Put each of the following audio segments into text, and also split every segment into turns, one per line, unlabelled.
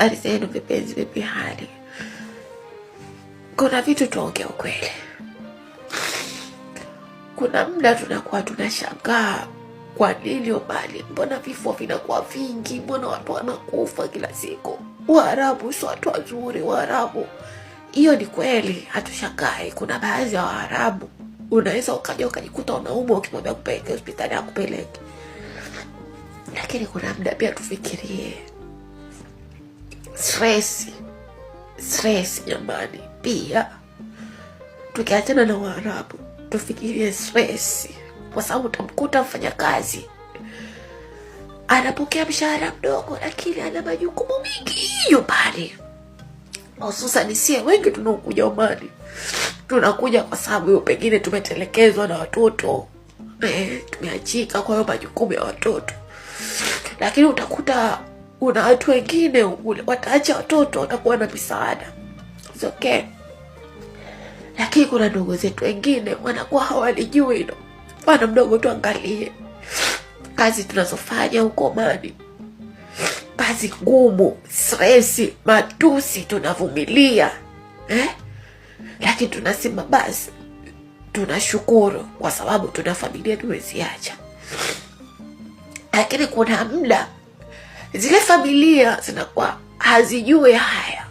Habari zenu vipenzi, vipi hali? Kuna vitu tuongea ukweli, kuna muda tunakuwa tunashangaa kwa nini Omari, mbona vifo vinakuwa vingi? Mbona watu wanakufa kila siku? Waarabu si watu wazuri, Waarabu. Hiyo ni kweli, hatushangai. Kuna baadhi ya Waarabu unaweza ukaja ukajikuta unaumwa, ukimwambia kupeleke hospitali akupeleke, lakini kuna muda pia tufikirie stress stress jamani. Pia tukiachana na Waarabu tufikirie stress, kwa sababu utamkuta mfanyakazi anapokea mshahara mdogo, lakini ana majukumu mengi pale hususani sie wengi tunaokuja umani tunakuja kwa sababu pengine tumetelekezwa na watoto eh, tumeachika kwa hiyo majukumu ya watoto, lakini utakuta una watu wengine wataacha watoto watakuwa na misaada it's okay, lakini kuna ndugu zetu wengine wanakuwa hawalijui hilo. Mfano mdogo, tuangalie kazi tunazofanya huko mani, kazi ngumu, stresi, matusi tunavumilia eh? Lakini tunasema basi tunashukuru kwa sababu tuna familia tumeziacha, lakini kuna muda zile familia zinakuwa hazijui haya.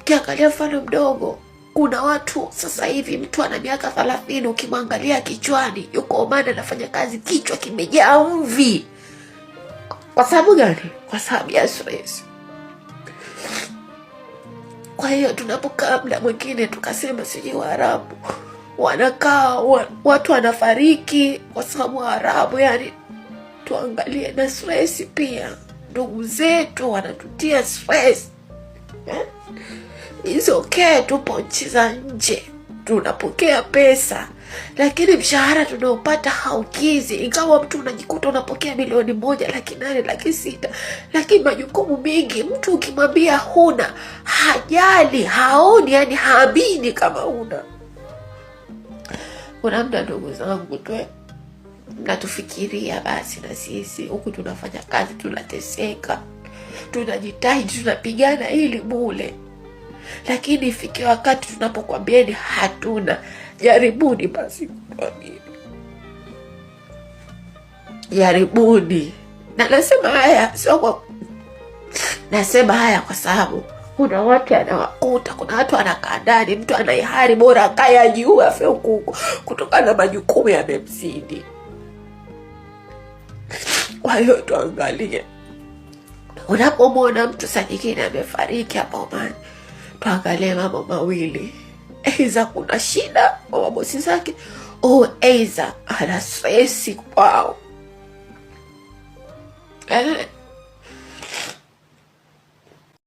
Ukiangalia mfano mdogo, kuna watu sasa hivi mtu ana miaka thelathini, ukimwangalia kichwani, yuko Oman anafanya kazi, kichwa kimejaa mvi. Kwa sababu gani? Kwa sababu ya stress. Kwa hiyo tunapokaa mda mwingine tukasema sijui Waarabu wanakaa watu wanafariki kwa sababu Waarabu, yani tuangalie na stress pia ndugu zetu wanatutia stress eh? Isokee, tupo nchi za nje tunapokea pesa, lakini mshahara tunaopata haukizi. Ingawa mtu unajikuta unapokea milioni moja, laki nane, laki sita, lakini majukumu mengi, mtu ukimwambia huna hajali, haoni, yani haamini kama una. Kuna mda ndugu zangu twe natufikiria basi na sisi huku tunafanya kazi, tunateseka, tunajitahidi, tunapigana ili bule, lakini ifike wakati tunapokwambieni hatuna, jaribuni basi kutuamini, jaribuni. Na nasema haya sio kwa, nasema haya kwa sababu kuna watu anawakuta, kuna watu anakaa ndani, mtu anaihari, bora akae ajiue afe kutokana na majukumu yamemzidi. Kwa hiyo tuangalie, unapomwona mtu sanyingine nyingine amefariki hapa umani tuangalie mambo mawili, eiza kuna shida kwa mabosi zake u eiza ana stresi kwao. Eh,